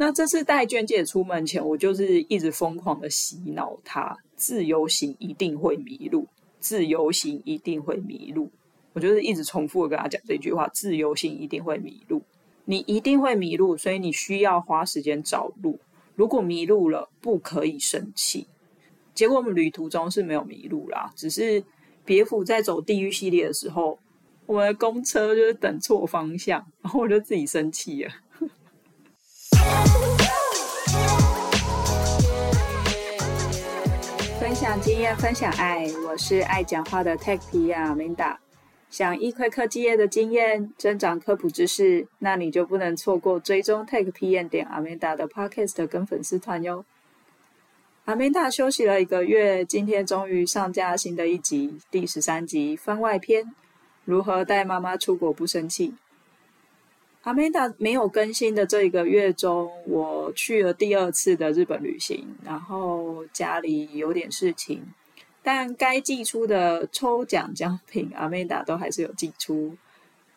那這次帶娟姐出門前，我就是一直瘋狂的洗腦她：自由行一定會迷路，自由行一定會迷路。我就是一直重複的跟她講這句話：自由行一定會迷路，你一定會迷路，所以你需要花時間找路。如果迷路了，不可以生氣。結果我們旅途中是沒有迷路啦，只是別府在走地獄系列的時候，我們的公車就是等錯方向，然後我就自己生氣了。分享經驗，分享愛。我是愛講話的 TechPM Amanda，想一窺科技業的經驗，增長科普知識，那你就不能錯過追蹤 techpm 點 Amanda 的 Podcast 跟粉絲團喲。Amanda 休息了一個月，今天終於上架新的一集，第十三集番外篇：如何帶媽媽出國不生氣。Amanda 沒有更新的這個月中，我去了第二次的日本旅行，然後家裡有點事情，但該寄出的抽獎獎品 Amanda 都還是有寄出。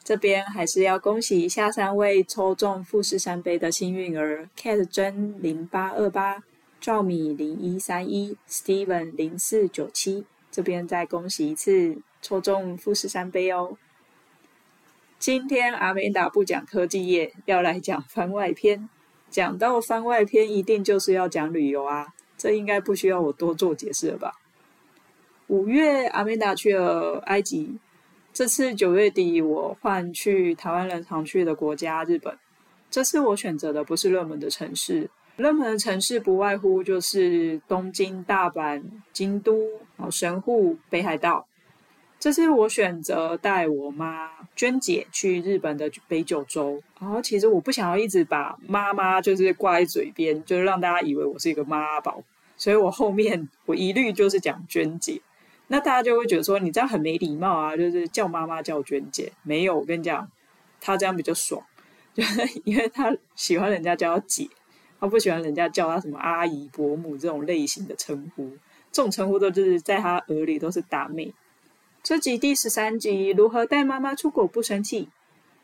這邊還是要恭喜一下三位抽中富士山杯的幸運兒：Cat 珍零八二八、趙米零一三一、Steven 零四九七。這邊再恭喜一次，抽中富士山杯哦！今天 Amanda 不講科技業，要來講番外篇。講到番外篇，一定就是要講旅遊啊，這應該不需要我多做解釋了吧？五月 Amanda 去了埃及，這次九月底我換去台灣人常去的國家日本。這次我選擇的不是熱門的城市，熱門的城市不外乎就是東京、大阪、京都、神戶、北海道。這是我選擇帶我媽娟姐，去日本的北九州，然後其實我不想要一直把媽媽就是掛在嘴邊，就是讓大家以為我是一個媽、媽寶，所以我後面我一律就是講娟姐，那大家就會覺得說你這樣很沒禮貌啊，就是叫媽媽叫娟姐。沒有，我跟你講，她這樣比較爽，就是因為她喜歡人家叫她姐，她不喜歡人家叫她什麼阿姨、伯母這種類型的稱呼，這種稱呼都就是在她耳裡都是大妹。這集第十三集，如何帶媽媽出國不生氣？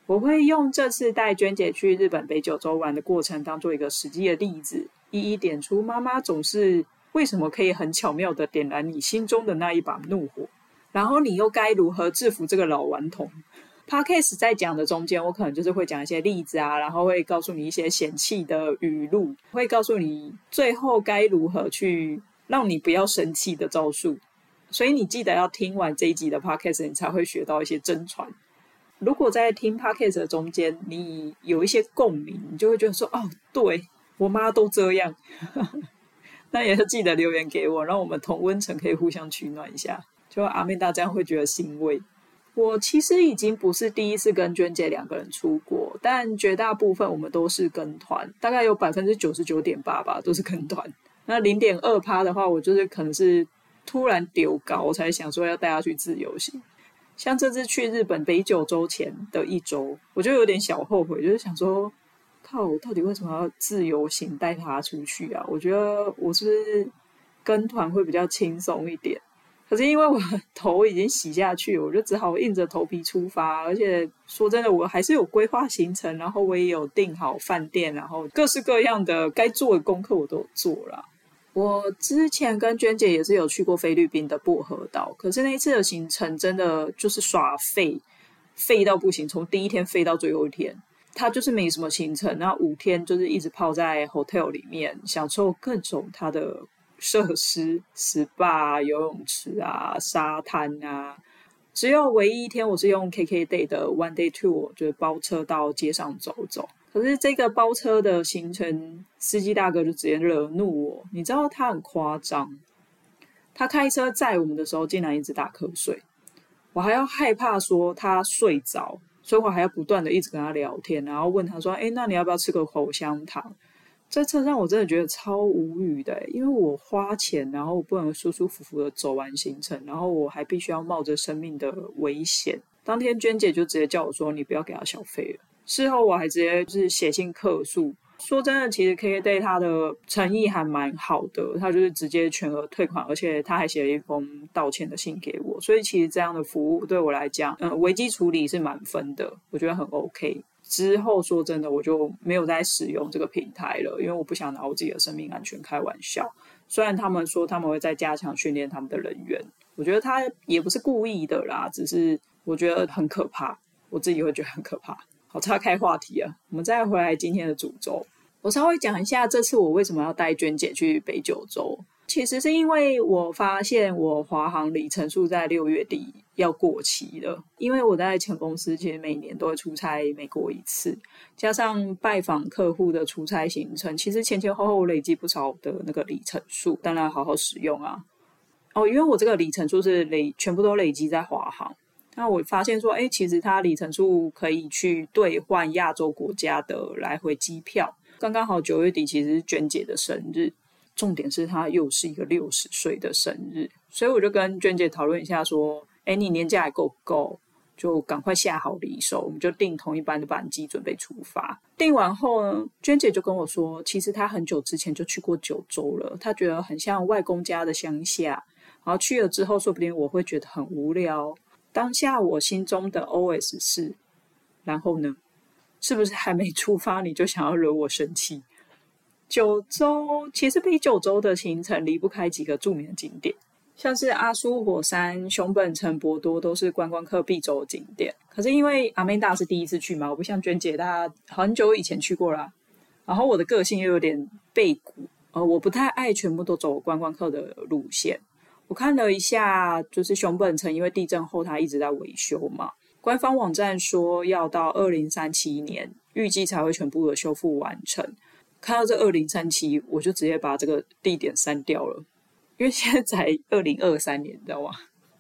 我會用這次帶娟姐去日本北九州玩的過程，當做一個實際的例子，一一點出媽媽總是為什麼可以很巧妙的點燃你心中的那一把怒火，然後你又該如何制服這個老頑童。Podcast 在講的中間，我可能就是會講一些例子啊，然後會告訴你一些嫌棄的語錄，會告訴你最後該如何去讓你不要生氣的招數。所以你記得要聽完這一集的 podcast，你才會學到一些真傳。如果在聽 podcast 中間，你有一些共鳴，你就會覺得說：“哦，對，我媽都這樣。 ”那也是記得留言給我，讓我們同溫層可以互相取暖一下，就阿妹大家會覺得欣慰。我其實已經不是第一次跟娟姐兩個人出國，但絕大部分我們都是跟團，大概有百分之九十九點八吧，都是跟團。那零點二趴的話，我就是可能是。突然丟高，我才想說要帶他去自由行。像這次去日本北九州前的一周，我就有點小後悔，就是想說，靠，我到底為什麼要自由行帶他出去啊？我覺得我是不是跟團會比較輕鬆一點？可是因為我頭已經洗下去，我就只好硬着頭皮出發。而且說真的，我還是有規劃行程，然後我也有訂好飯店，然後各式各樣的該做的功課我都做了。我之前跟娟姐也是有去過菲律賓的薄荷島，可是那一次的行程真的就是耍廢，廢到不行。從第一天廢到最後一天，他就是沒什麼行程，然後五天就是一直泡在 hotel 裡面，享受各種他的設施、spa、游泳池啊、沙灘啊。只有唯一一天，我是用 KK day 的 one day tour，就是包車到街上走走。可是這個包車的行程，司機大哥就直接惹怒我。你知道他很誇張，他開車載我們的時候，竟然一直打瞌睡。我還要害怕說他睡着，所以我還要不斷的一直跟他聊天，然後問他說：“哎，那你要不要吃個口香糖？”在車上我真的覺得超無語的，欸，因為我花錢，然後我不能舒舒服服的走完行程，然後我還必須要冒着生命的危險。當天娟姐就直接叫我說：“你不要給他小費了。”事後我還直接就是寫信客訴，說真的，其實 KKDay 他的誠意還蠻好的，他就是直接全額退款，而且他還寫了一封道歉的信給我。所以其實這樣的服務對我來講，嗯、呃，危機處理是滿分的，我覺得很 OK。之後說真的，我就沒有再使用這個平台了，因為我不想拿我自己的生命安全開玩笑。雖然他們說他們會再加強訓練他們的人員，我覺得他也不是故意的啦，只是我覺得很可怕，我自己會覺得很可怕。好，岔開話題啊，我們再回來今天的主軸，我稍微講一下，這次我為什麼要帶娟姐去北九州？其實是因為我發現我華航里程數在六月底要過期了。因為我在前公司其實每年都會出差美國一次，加上拜訪客戶的出差行程，其實前前後後累積不少的那個里程數，當然要好好使用啊。哦，因為我這個里程數是累全部都累積在華航。那我發現說，誒，其實它里程數可以去兌換亞洲國家的來回機票。剛剛好九月底，其實是娟姐的生日，重點是她又是一個六十歲的生日，所以我就跟娟姐討論一下，說，哎，你年假還夠不夠？就趕快下好離手，我們就訂同一班的班機，準備出發。訂完後呢，娟姐就跟我說，其實她很久之前就去過九州了，她覺得很像外公家的鄉下。然後去了之後，說不定我會覺得很無聊。當下我心中的 OS 是，然後呢，是不是還沒出發你就想要惹我生氣？九州其實北九州的行程離不開幾個著名的景點，像是阿蘇火山、熊本城、博多，都是觀光客必走的景點。可是因為 Amanda 是第一次去嘛，我不像娟姐她很久以前去過啦。然後我的個性又有點背骨，我不太愛全部都走觀光客的路線。我看了一下，就是熊本城，因為地震後它一直在維修嘛。官方網站說要到二零三七年預計才會全部的修復完成。看到這二零三七，我就直接把這個地點刪掉了，因為現在才二零二三年，你知道嗎？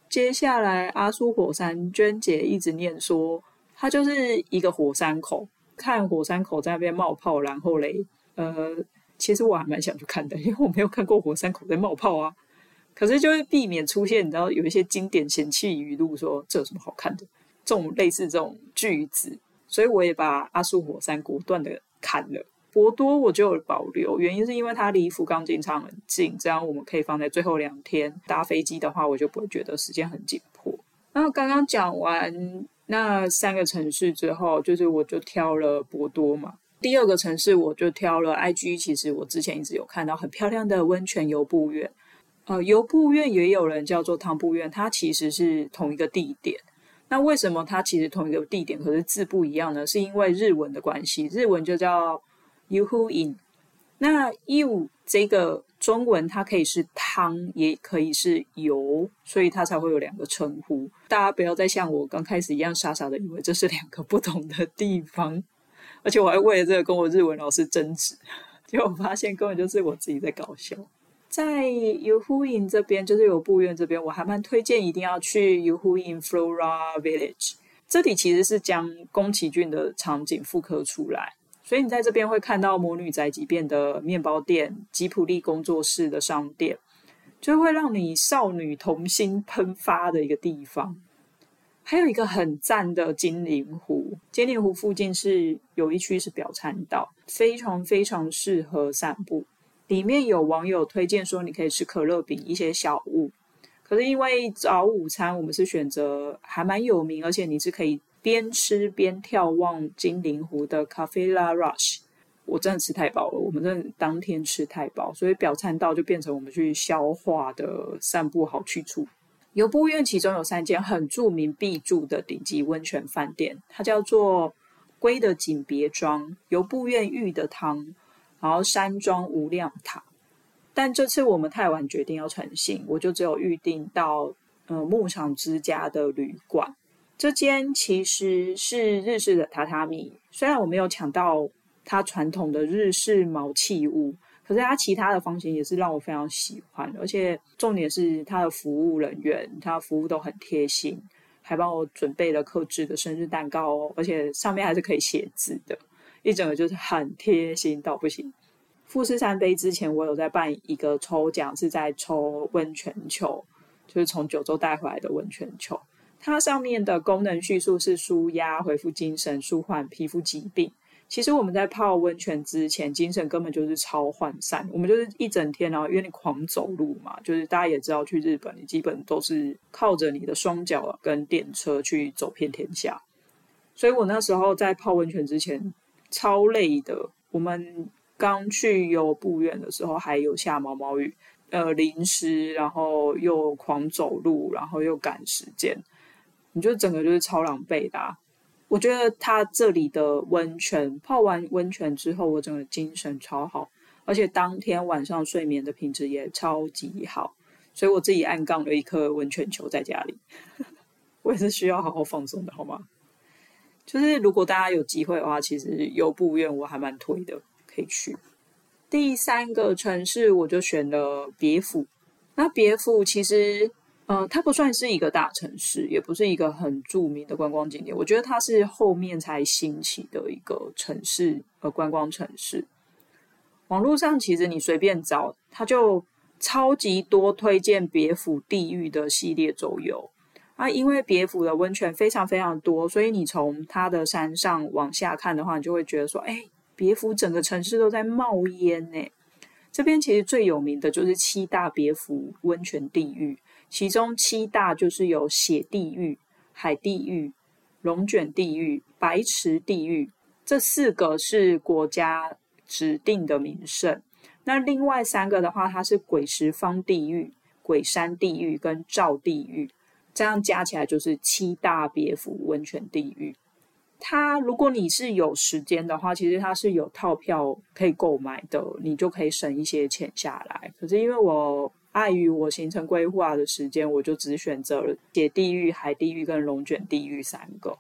接下來阿蘇火山，娟姐一直念說它就是一個火山口，看火山口在那邊冒泡，然後嘞，呃，其實我還蠻想去看的，因為我沒有看過火山口在冒泡啊。可是，就會避免出現你知道有一些經典嫌棄語錄，說這有什麼好看的？這種類似這種句子，所以我也把阿蘇火山果斷的砍了。博多我就有保留，原因是因為它離福岡機場很近，這樣我們可以放在最後兩天。搭飛機的話，我就不會覺得時間很緊迫。然後剛剛講完那三個城市之後，就是我就挑了博多嘛。第二個城市我就挑了 ig 其實我之前一直有看到很漂亮的溫泉由布院。呃，油布院也有人叫做湯布院，它其實是同一個地點。那為什麼它其實同一個地點，可是字不一樣呢？是因為日文的關係，日文就叫油布院。那油這個中文它可以是湯，也可以是油，所以它才會有兩個稱呼。大家不要再像我剛開始一樣傻傻的以為這是兩個不同的地方，而且我還為了這個跟我日文老師爭執，結果我發現根本就是我自己在搞笑。在 Yufuin 這邊，就是有部院這邊，我還蠻推薦一定要去 Yufuin Flora Village。這裡其實是將宮崎駿的場景復刻出來，所以你在這邊會看到魔女宅急便的麵包店、吉卜力工作室的商店，就會讓你少女童心噴發的一個地方。還有一個很讚的金鱗湖，金鱗湖附近是有一區是表參道，非常非常適合散步。裡面有網友推薦說，你可以吃可樂餅一些小物，可是因為早午餐我們是選擇還蠻有名，而且你是可以邊吃邊眺望金鱗湖的 Café La Rush。我真的吃太飽了，我們真的當天吃太飽，所以表參道就變成我們去消化的散步好去處。由布院其中有三間很著名必住的頂級溫泉飯店，它叫做龜的井別莊、由布院玉的湯，然後山莊無量塔，但這次我們太晚決定要成行，我就只有預定到呃牧場之家的旅館。這間其實是日式的榻榻米，雖然我沒有搶到它傳統的日式茅葺屋，可是它其他的房型也是讓我非常喜歡，而且重點是他的服務人員，他服務都很貼心，還幫我準備了客製的生日蛋糕哦，而且上面還是可以寫字的。一整個就是很貼心到不行。富士山杯之前，我有在辦一個抽獎，是在抽溫泉球，就是從九州帶回來的溫泉球。它上面的功能敘述是舒壓、恢復精神、舒緩皮膚疾病。其實我們在泡溫泉之前，精神根本就是超渙散。我們就是一整天、啊，然後因為你狂走路嘛，就是大家也知道去日本，你基本都是靠着你的雙腳跟電車去走遍天下。所以我那時候在泡溫泉之前。超累的！我們剛去由布院的時候還有下毛毛雨，呃，淋濕，然後又狂走路，然後又趕時間，你就整個就是超狼狽的啊。我覺得他這裡的溫泉泡完溫泉之後，我整個精神超好，而且當天晚上睡眠的品質也超級好，所以我自己暗槓了一顆溫泉球在家裡， 我也是需要好好放鬆的，好嗎？就是如果大家有機會的話，其實由布院我還蠻推的，可以去。第三個城市我就選了別府。那別府其實，呃，它不算是一個大城市，也不是一個很著名的觀光景點。我覺得它是後面才興起的一個城市，呃，觀光城市。網絡上其實你隨便找，它就超級多推薦別府地獄的系列周遊。啊，因為別府的溫泉非常非常多，所以你從它的山上往下看的話，你就會覺得說：“哎、欸，別府整個城市都在冒煙呢。”這邊其實最有名的就是七大別府溫泉地獄，其中七大就是有血地獄、海地獄、龍捲地獄、白池地獄，這四個是國家指定的名勝。那另外三個的話，它是鬼石坊地獄、鬼山地獄跟灶地獄。這樣加起來就是七大別府溫泉地獄。它，如果你是有時間的話，其實它是有套票可以購買的，你就可以省一些錢下來。可是因為我礙於我行程規劃的時間，我就只選擇了血地獄、海地獄跟龍捲地獄三個。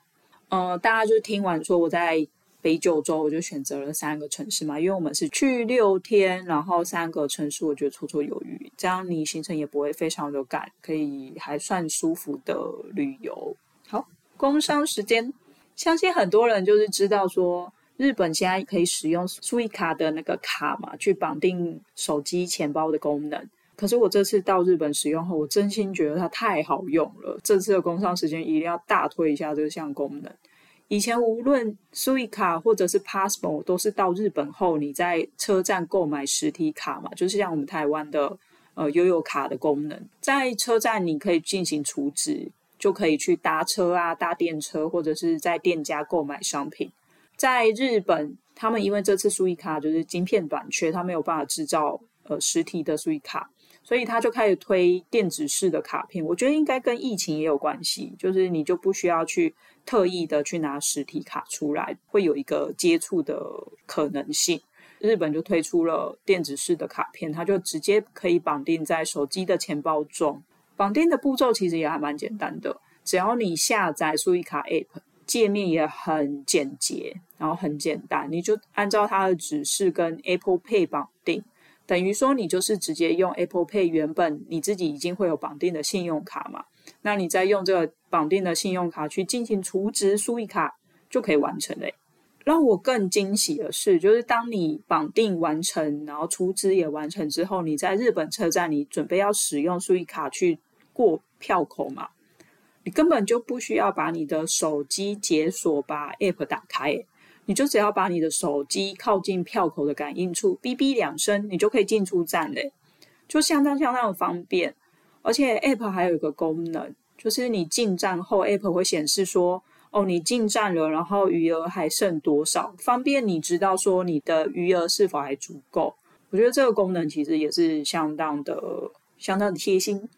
嗯、呃，大家就聽完說，我在。北九州，我就選擇了三個城市嘛，因為我們是去六天，然後三個城市我覺得綽綽有餘，這樣你行程也不會非常的趕，可以還算舒服的旅遊。好，工商時間，相信很多人就是知道說，日本現在可以使用 Suica 的那個卡嘛，去綁定手機錢包的功能。可是我這次到日本使用後，我真心覺得它太好用了。這次的工商時間一定要大推一下這項功能。以前無論 Suica 或者是 PASMO，都是到日本後你在車站購買實體卡嘛，就是像我們台灣的呃悠遊卡的功能，在車站你可以進行儲值，就可以去搭車啊、搭電車或者是在店家購買商品。在日本，他們因為這次 Suica 就是晶片短缺，他沒有辦法制造呃實體的 Suica 所以他就開始推電子式的卡片，我覺得應該跟疫情也有關係，就是你就不需要去特意的去拿實體卡出來，會有一個接觸的可能性。日本就推出了電子式的卡片，它就直接可以綁定在手機的錢包中。綁定的步驟其實也還蠻簡單的，只要你下載 Suica App，界面也很簡潔，然後很簡單，你就按照它的指示跟 Apple Pay 綁定。等於說，你就是直接用 Apple Pay 原本你自己已經會有綁定的信用卡嘛，那你再用這個綁定的信用卡去進行儲值 Suica 卡就可以完成了。讓我更驚喜的是，就是當你綁定完成，然後儲值也完成之後，你在日本車站，你準備要使用 Suica 卡去過票口嘛，你根本就不需要把你的手機解鎖，把 App 打開。你就只要把你的手機靠近票口的感應處，嗶嗶兩聲，你就可以進出站嘞，就相當相當的方便。而且 App 還有一個功能，就是你進站後，App 會顯示說，哦，你進站了，然後餘額還剩多少，方便你知道說你的餘額是否還足夠。我覺得這個功能其實也是相當的、相當的貼心。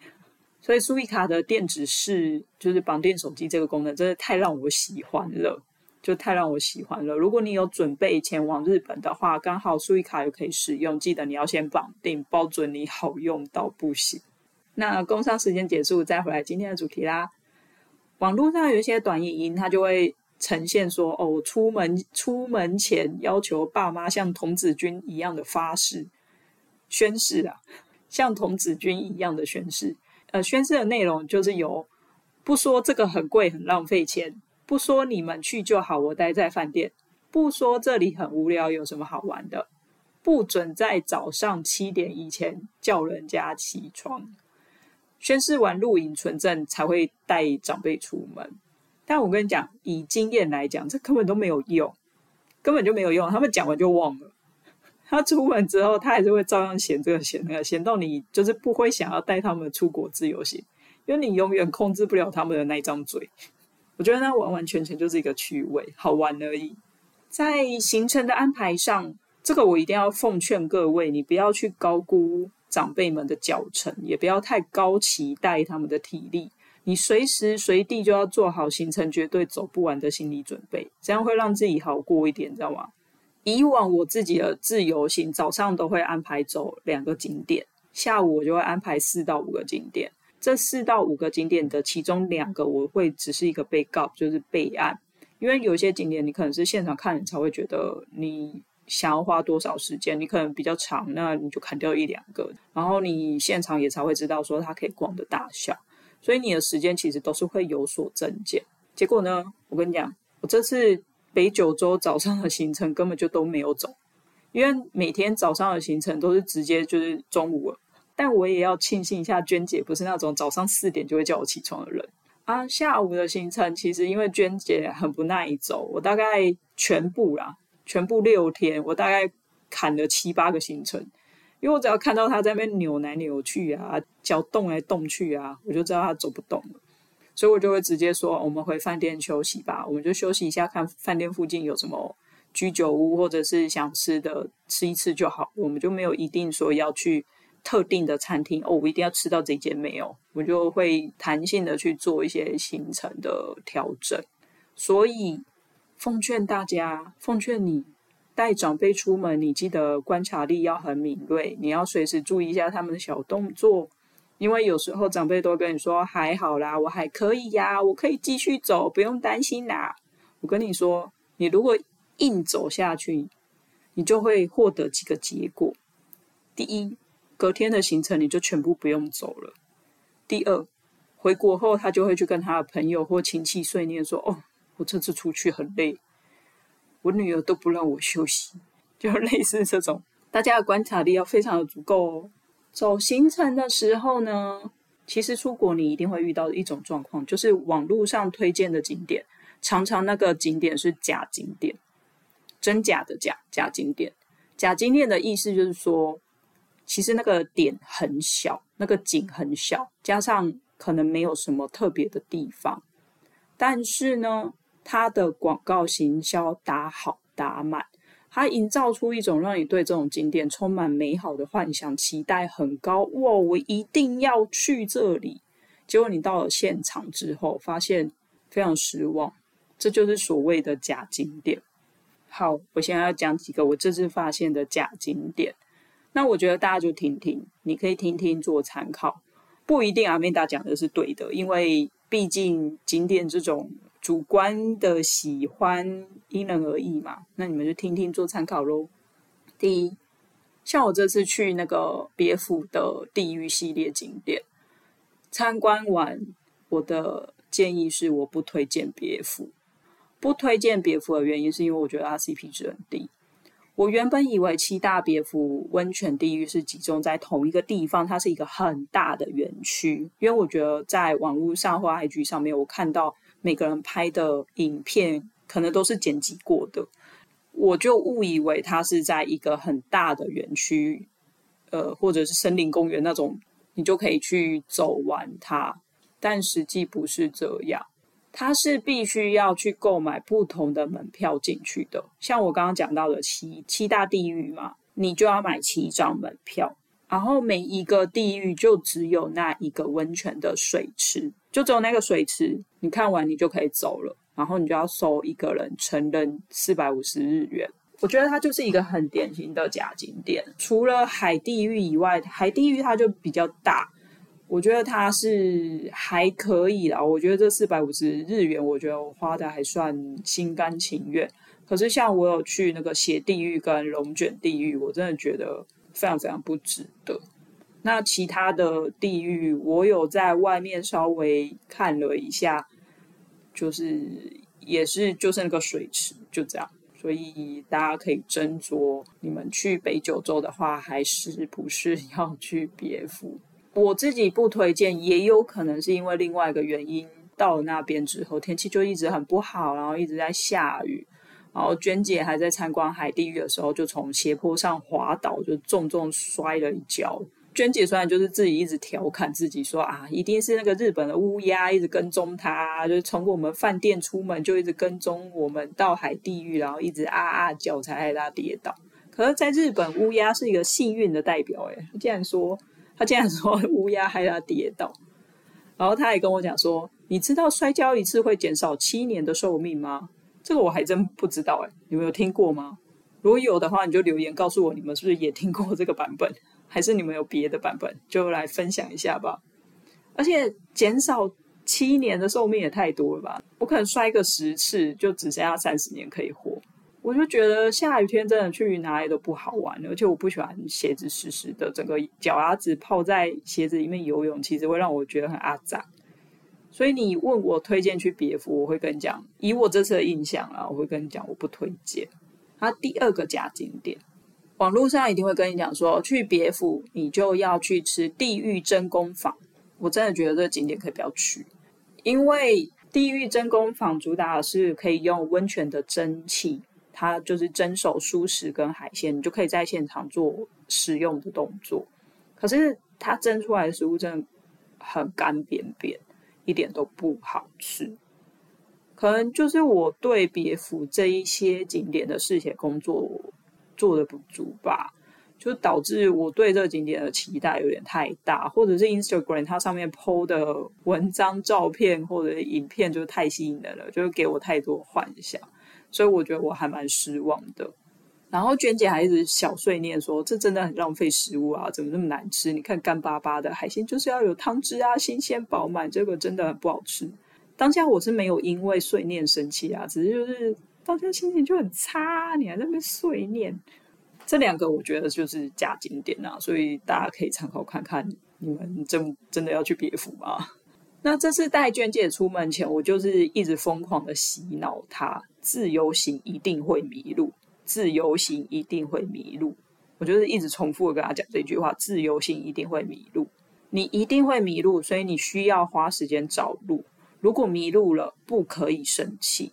所以蘇伊卡的電子式就是綁定手機這個功能，真的太讓我喜歡了。就太讓我喜歡了。如果你有準備前往日本的話，剛好 Suica 也可以使用。記得你要先綁定，包準你好用到不行。那工商時間結束，再回來今天的主題啦。網絡上有一些短影音，他就會呈現說：“哦，出門出門前要求爸媽像童子軍一樣的發誓宣誓啊，像童子軍一樣的宣誓。”呃，宣誓的內容就是有不說這個很貴，很浪費錢。不說你們去就好，我待在飯店。不說這裡很無聊，有什麼好玩的？不准在早上七點以前叫人家起床。宣誓完錄影存證才會帶長輩出門。但我跟你講，以經驗來講，這根本都沒有用，根本就沒有用。他們講完就忘了。他出門之後，他還是會照樣嫌這個嫌那個，嫌到你就是不會想要帶他們出國自由行，因為你永遠控制不了他們的那張嘴。我覺得那完完全全就是一個趣味，好玩而已。在行程的安排上，這個我一定要奉勸各位，你不要去高估長輩們的腳程，也不要太高期待他們的體力。你隨時隨地就要做好行程絕對走不完的心理準備，這樣會讓自己好過一點，知道嗎？以往我自己的自由行，早上都會安排走兩個景點，下午我就會安排四到五個景點。這四到五個景點的其中兩個，我會只是一個被告，就是備案，因為有些景點你可能是現場看你才會覺得你想要花多少時間，你可能比較長，那你就砍掉一兩個，然後你現場也才會知道說它可以逛的大小，所以你的時間其實都是會有所增減。結果呢，我跟你講，我這次北九州早上的行程根本就都沒有走，因為每天早上的行程都是直接就是中午了。但我也要慶幸一下，娟姐不是那種早上四點就會叫我起床的人啊。下午的行程其實因為娟姐很不耐走，我大概全部啦，全部六天，我大概砍了七八個行程。因為我只要看到她在那邊扭來扭去啊，腳動來動去啊，我就知道她走不動了，所以我就會直接說：“我們回飯店休息吧，我們就休息一下，看飯店附近有什麼居酒屋或者是想吃的，吃一吃就好。我們就沒有一定說要去。”特定的餐廳哦，我一定要吃到這間沒有，我就會彈性的去做一些行程的調整。所以，奉勸大家，奉勸你帶長輩出門，你記得觀察力要很敏銳，你要隨時注意一下他們的小動作，因為有時候長輩都跟你說“還好啦，我還可以呀、啊，我可以繼續走，不用擔心啦。”我跟你說，你如果硬走下去，你就會獲得幾個結果：第一，隔天的行程你就全部不用走了。第二，回國後他就會去跟他的朋友或親戚碎念說：“哦，我這次出去很累，我女兒都不讓我休息。”就類似這種，大家的觀察力要非常的足夠哦。走行程的時候呢，其實出國你一定會遇到一種狀況，就是網路上推薦的景點，常常那個景點是假景點，真假的假，假景點，假景點的意思就是說。其實那個點很小，那個景很小，加上可能沒有什麼特別的地方，但是呢，它的廣告行銷打好打滿，它營造出一種讓你對這種景點充滿美好的幻想，期待很高。哇，我一定要去這裡！結果你到了現場之後，發現非常失望。這就是所謂的假景點。好，我現在要講幾個我這次發現的假景點。那我覺得大家就聽聽，你可以聽聽做參考，不一定 Amanda 講的是對的，因為畢竟景點這種主觀的喜歡因人而異嘛。那你們就聽聽做參考咯。第一，像我這次去那個別府的地獄系列景點參觀完，我的建議是我不推薦別府。不推薦別府的原因是因為我覺得 RCP 值很低。我原本以為七大別府溫泉地獄是集中在同一個地方，它是一個很大的園區，因為我覺得在網路上或 IG 上面，我看到每個人拍的影片可能都是剪輯過的，我就誤以為它是在一個很大的園區，呃，或者是森林公園那種，你就可以去走完它，但實際不是這樣。它是必須要去購買不同的門票進去的，像我剛剛講到的七七大地獄嘛，你就要買七張門票，然後每一個地獄就只有那一個溫泉的水池，就只有那個水池，你看完你就可以走了，然後你就要收一個人成人四百五十日元，我覺得它就是一個很典型的假景點。除了海地獄以外，海地獄它就比較大。我覺得它是還可以啦，我覺得這四百五十日元，我覺得我花的還算心甘情願。可是像我有去那個血地獄跟龍卷地獄，我真的覺得非常非常不值得。那其他的地獄，我有在外面稍微看了一下，就是也是就是那個水池就這樣。所以大家可以斟酌，你們去北九州的話，還是不是要去別府？我自己不推薦，也有可能是因為另外一個原因。到了那邊之後，天氣就一直很不好，然後一直在下雨。然後娟姐還在參觀海地獄的時候，就從斜坡上滑倒，就重重摔了一跤。娟姐雖然就是自己一直調侃自己說啊，一定是那個日本的烏鴉一直跟蹤她，就是從我們飯店出門就一直跟蹤我們到海地獄，然後一直啊啊叫才害她跌倒。可是，在日本，烏鴉是一個幸運的代表耶，哎，竟然說。他竟然說烏鴉害他跌倒，然後他也跟我講說：“你知道摔跤，一次會減少七年的壽命嗎？”這個我還真不知道，哎，你們有聽過嗎？如果有的話，你就留言告訴我，你們是不是也聽過這個版本？還是你們有別的版本，就來分享一下吧。而且減少七年的壽命也太多了吧？我可能摔個十次，就只剩下三十年可以活。我就覺得下雨天真的去哪裡都不好玩，而且我不喜歡鞋子濕濕的，整個腳丫子泡在鞋子裡面游泳，其實會讓我覺得很阿雜。所以你問我推薦去別府，我會跟你講，以我這次的印象啊，我會跟你講，我不推薦。它、啊、第二個假景點，網絡上一定會跟你講說去別府你就要去吃地獄蒸工坊，我真的覺得這個景點可以不要去，因為地獄蒸工坊主打的是可以用溫泉的蒸汽。它就是蒸熟蔬食、跟海鮮，你就可以在現場做食用的動作。可是它蒸出來的食物真的很乾扁扁，一點都不好吃。可能就是我對別府這一些景點的試寫工作做得不足吧，就導致我對這景點的期待有點太大，或者是 Instagram 它上面 po 的文章、照片或者影片就太吸引人了，就給我太多幻想。所以我覺得我還蠻失望的，然後娟姐還一直小碎念說：“這真的很浪費食物啊，怎麼那麼難吃？你看乾巴巴的海鮮，就是要有湯汁啊，新鮮飽滿，這個真的很不好吃。”當下我是沒有因為碎念生氣啊，只是就是當天心情就很差，你還在那邊碎念。這兩個我覺得就是假景點啊，所以大家可以參考看看，你們真真的要去別府嗎？那這次帶娟姐出門前，我就是一直瘋狂的洗腦她。自由行一定會迷路，自由行一定會迷路。我就是一直重複的跟他講這句話：自由行一定會迷路，你一定會迷路，所以你需要花時間找路。如果迷路了，不可以生氣。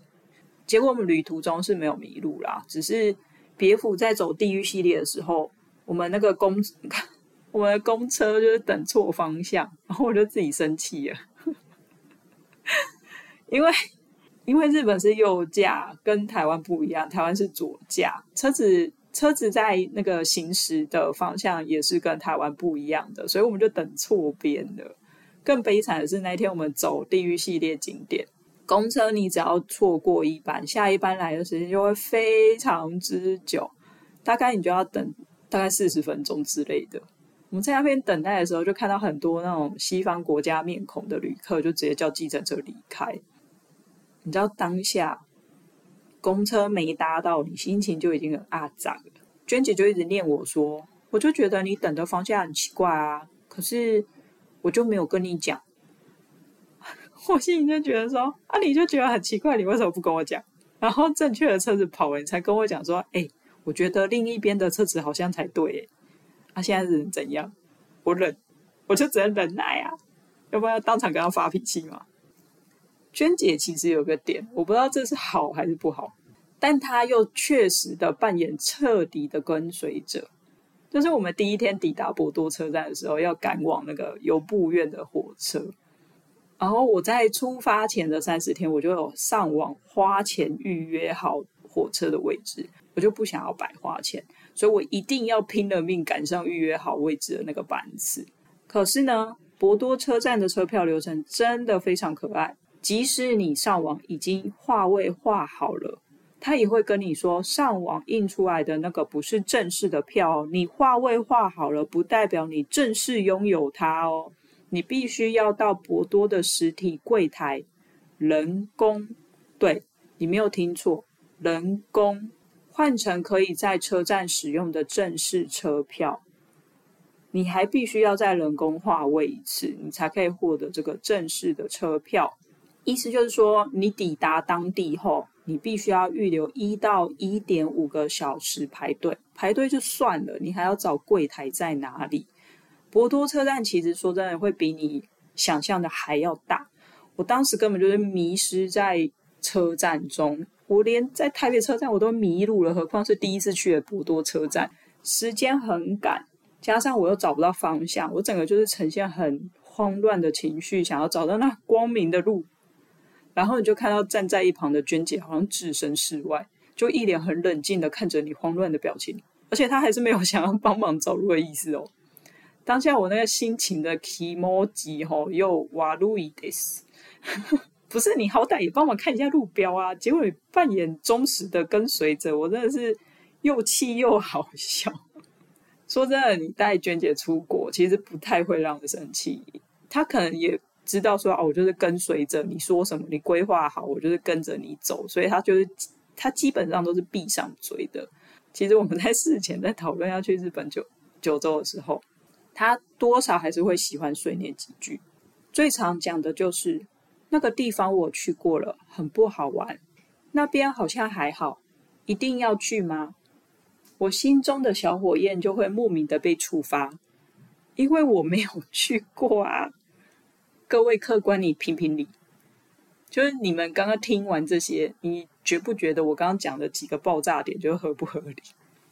結果我們旅途中是沒有迷路啦，只是別府在走地獄系列的時候，我們那個公，你看，我們的公車就是等錯方向，然後我就自己生氣了， 因為。因為日本是右駕，跟台灣不一樣。台灣是左駕，車子車子在那個行駛的方向也是跟台灣不一樣的，所以我們就等錯邊了。更悲慘的是，那一天我們走地獄系列景點，公車你只要錯過一班，下一班來的時間就會非常之久，大概你就要等大概四十分鐘之類的。我們在那邊等待的時候，就看到很多那種西方國家面孔的旅客，就直接叫計程車離開。你知道當下公車沒搭到，你心情就已經很阿雜了。娟姐，就一直念我說，我就覺得你等的方向很奇怪啊。可是我就沒有跟你講， 我心裡就覺得說，啊，你就覺得很奇怪，你為什麼不跟我講？然後正確的車子跑完才跟我講說，誒、欸、我覺得另一邊的車子好像才對、欸。他、啊、現在是怎樣？我忍，我就只能忍耐啊，要不然要當場跟他發脾氣嘛。娟姐其實有個點，我不知道這是好還是不好，但她又確實的扮演徹底的跟隨者。就是我們第一天抵達博多車站的時候，要趕往那個由布院的火車。然後我在出發前的三十天，我就有上網花錢預約好火車的位置，我就不想要白花錢，所以我一定要拼了命趕上預約好位置的那個班次。可是呢，博多車站的車票流程真的非常可愛。即使你上網已經劃位、劃好了，他也會跟你說，上網印出來的那個不是正式的票哦。你劃位劃好了，不代表你正式擁有它哦。你必須要到博多的實體櫃台，人工，對，你沒有聽錯，人工換成可以在車站使用的正式車票。你還必須要再人工劃位一次，你才可以獲得這個正式的車票。意思就是說，你抵達當地後，你必須要預留一到一點五個小時排隊。排隊就算了，你還要找櫃檯在哪裡。博多車站其實說真的會比你想象的還要大。我當時根本就是迷失在車站中，我連在台北車站我都迷路了，何況是第一次去的博多車站。時間很趕，加上我又找不到方向，我整個就是呈現很慌亂的情緒，想要找到那光明的路。然後你就看到站在一旁的娟姐好像置身事外，就一臉很冷靜的看着你慌亂的表情，而且她還是沒有想要幫忙走路的意思哦。當下我那個心情的気持ち吼又哇路易得死，不是你好歹也幫忙看一下路標啊，結果你扮演忠實的跟隨者，我真的是又氣又好笑。說真的，你帶娟姐出國其實不太會讓我生氣，她可能也。知道說哦，我就是跟隨着你說什麼，你規劃好，我就是跟着你走。所以他就是，他基本上都是閉上嘴的。其實我們在事前在討論要去日本九九州的時候，他多少還是會喜歡碎念幾句。最常講的就是那個地方我去過了，很不好玩。那邊好像還好，一定要去嗎？我心中的小火焰就會莫名的被觸發，因為我沒有去過啊。各位客官，你評評理，就是你們剛剛聽完這些，你覺不覺得我剛剛講的幾個爆炸點就合不合理？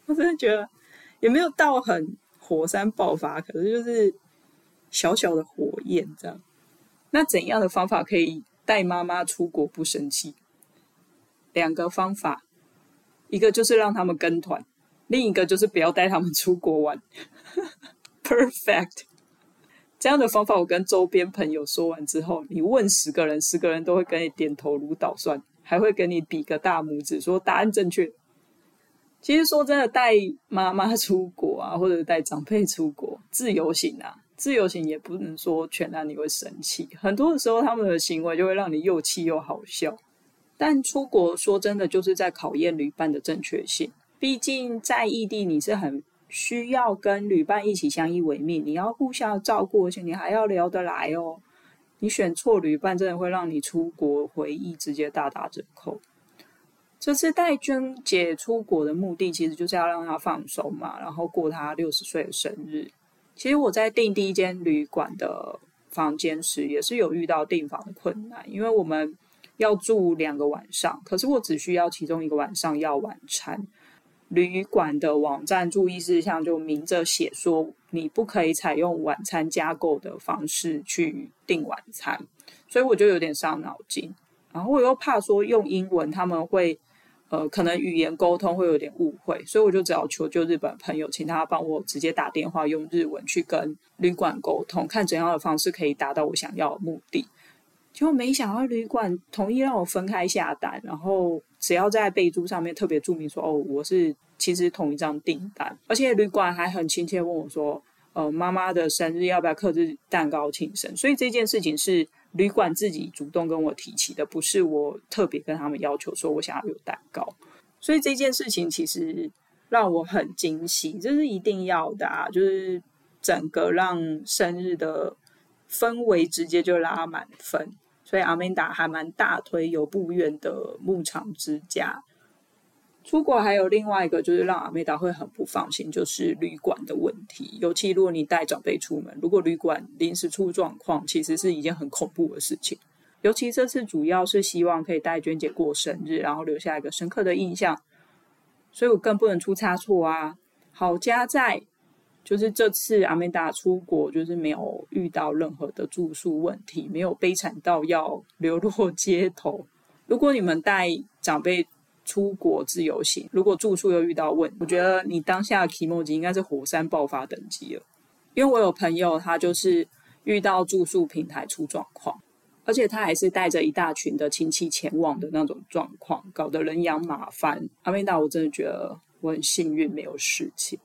我真的覺得也沒有到很火山爆發，可是就是小小的火焰這樣。那怎樣的方法可以帶媽媽出國不生氣？兩個方法，一個就是讓他們跟團，另一個就是不要帶他們出國玩。 Perfect。這樣的方法，我跟周邊朋友說完之後，你問十個人，十個人都會跟你點頭如搗蒜，還會跟你比個大拇指，說答案正確。其實說真的，帶媽媽出國啊，或者帶長輩出國，自由行啊，自由行也不能說全然你會生氣，很多的時候他們的行為就會讓你又氣又好笑。但出國說真的，就是在考驗旅伴的正確性，畢竟在異地你是很需要跟旅伴一起相依為命，你要互相照顧，而且你還要聊得來哦。你選錯旅伴，真的會讓你出國回憶直接大打折扣。這次帶娟姐出國的目的，其實就是要讓她放鬆嘛，然後過她六十歲的生日。其實我在訂第一間旅館的房間時，也是有遇到訂房的困難，因為我們要住兩個晚上，可是我只需要其中一個晚上要晚餐。旅館的網站注意事項就明着寫說，你不可以採用晚餐加購的方式去訂晚餐，所以我就有點傷腦筋。然後我又怕說用英文他們會呃可能語言溝通會有點誤會，所以我就只好求救日本朋友，請他幫我直接打電話用日文去跟旅館溝通，看怎樣的方式可以達到我想要的目的。結果沒想到旅館同意讓我分開下單，然後。只要在備註上面特別注明說哦，我是其實同一張訂單，而且旅館還很親切問我說，呃，媽媽的生日要不要客製蛋糕慶生？所以這件事情是旅館自己主動跟我提起的，不是我特別跟他們要求說我想要有蛋糕。所以這件事情其實讓我很驚喜，這、就是一定要的啊！就是整個讓生日的氛圍直接就拉滿分。所以 Amanda 還蠻大推由布院的牧場之家。出國還有另外一個，就是讓 Amanda 會很不放心，就是旅館的問題。尤其如果你帶長輩出門，如果旅館臨時出狀況，其實是一件很恐怖的事情。尤其這次主要是希望可以帶娟姐過生日，然後留下一個深刻的印象。所以我更不能出差錯啊！好家在。就是這次阿美達出國，就是沒有遇到任何的住宿問題，沒有悲慘到要流落街頭。如果你們帶長輩出國自由行，如果住宿又遇到問題，我覺得你當下的 Kimochi 應該是火山爆發等級了。因為我有朋友，他就是遇到住宿平台出狀況，而且他還是帶着一大群的親戚前往的那種狀況，搞得人仰馬翻。阿美達，我真的覺得我很幸運，沒有事情。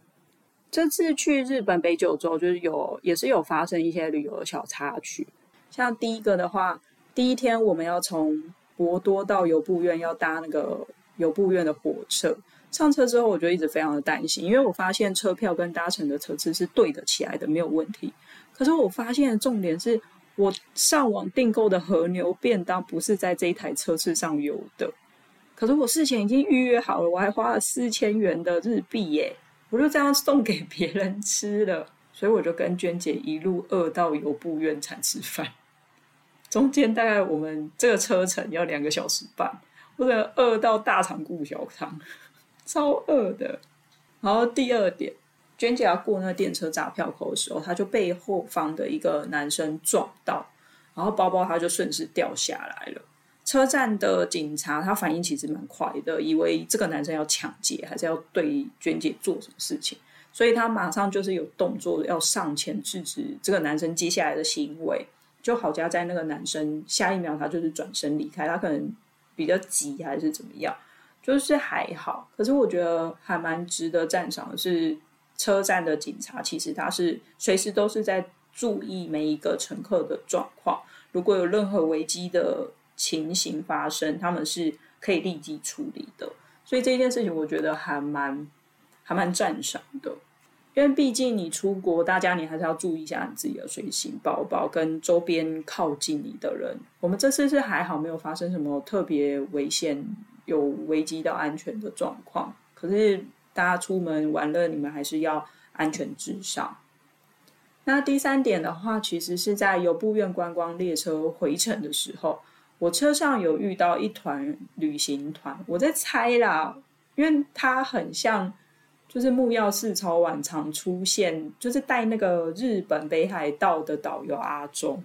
這次去日本北九州，就是有也是有發生一些旅遊的小插曲。像第一個的話，第一天我們要從博多到由布院，要搭那個由布院的火車。上車之後，我就一直非常的擔心，因為我發現車票跟搭乘的車次是對得起來的，沒有問題。可是我發現的重點是，我上網訂購的和牛便當不是在這一台車次上有的。可是我事前已經預約好了，我還花了四千元的日幣耶、欸。我就這樣送給別人吃了，所以我就跟娟姐一路餓到由布院才吃飯。中間大概我們這個車程要兩個小時半，我餓到大腸告小腸，超餓的。然後第二點，娟姐要過那個電車閘票口的時候，她就被後方的一個男生撞到，然後包包她就順勢掉下來了。車站的警察，他反應其實蠻快的，以為這個男生要搶劫，還是要對娟姐做什麼事情，所以他馬上就是有動作，要上前制止這個男生接下來的行為。就好加在那個男生下一秒，他就是轉身離開，他可能比較急，還是怎麼樣，就是還好。可是我覺得還蠻值得讚賞的是，車站的警察其實他是隨時都是在注意每一個乘客的狀況，如果有任何危機的。情形發生，他們是可以立即處理的，所以這件事情我覺得還蠻還蠻讚賞的。因為畢竟你出國，大家你還是要注意一下你自己的隨行包包跟周邊靠近你的人。我們這次是還好沒有發生什麼特別危險、有危機到安全的狀況。可是大家出門玩樂，你們還是要安全至上。那第三點的話，其實是在由布院觀光列車回程的時候。我車上有遇到一團旅行團，我在猜啦，因為他很像，就是木曜4超玩常出現，就是帶那個日本北海道的導遊阿忠。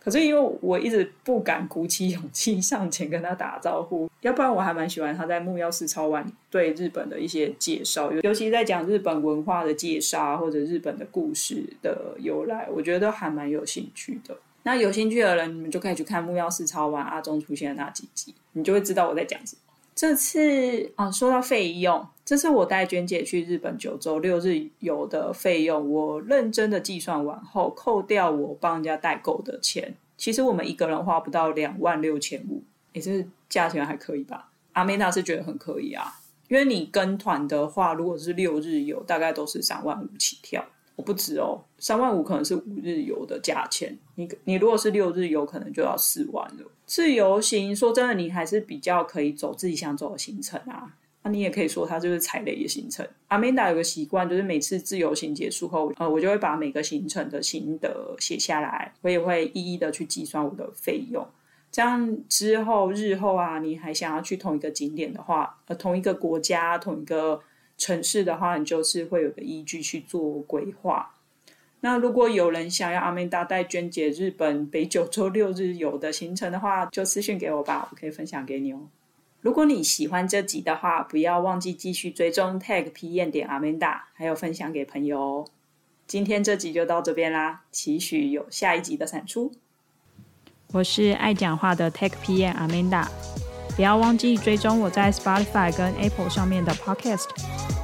可是因為我一直不敢鼓起勇氣上前跟他打招呼，要不然我還蠻喜歡他在木曜4超玩對日本的一些介紹，尤其在講日本文化的介紹或者日本的故事的由來，我覺得都還蠻有興趣的。那有興趣的人，你們就可以去看《木曜4超玩》阿中出現的那幾集，你就會知道我在講什麼。這次啊、哦，說到費用，這次我帶娟姊去日本九州六日遊的費用，我認真的計算完後，扣掉我幫人家代購的錢，其實我們一個人花不到兩萬六千五，也是價錢還可以吧？阿妹娜是覺得很可以啊，因為你跟團的話，如果是六日遊，大概都是三萬五起跳。我不止哦，三萬五可能是五日遊的價錢。你你如果是六日遊，可能就要四萬了。自由行，說真的，你還是比較可以走自己想走的行程啊。那、啊、你也可以說它就是踩雷的行程。Amanda 有個習慣，就是每次自由行結束後，呃，我就會把每個行程的心得寫下來，我也會一一的去計算我的費用。這樣之後日後啊，你還想要去同一個景點的話，呃、同一個國家，同一個。城市的話，你就是會有個依據去做規劃。那如果有人想要 Amanda 帶娟姐日本北九州六日遊的行程的話，就私訊給我吧，我可以分享給你哦。如果你喜歡這集的話，不要忘記繼續追蹤 TechPM.Amanda，還有分享給朋友哦。今天這集就到這邊啦，期許有下一集的產出。我是愛講話的 TechPM Amanda，不要忘記追蹤我在 Spotify 跟 Apple 上面的 Podcast。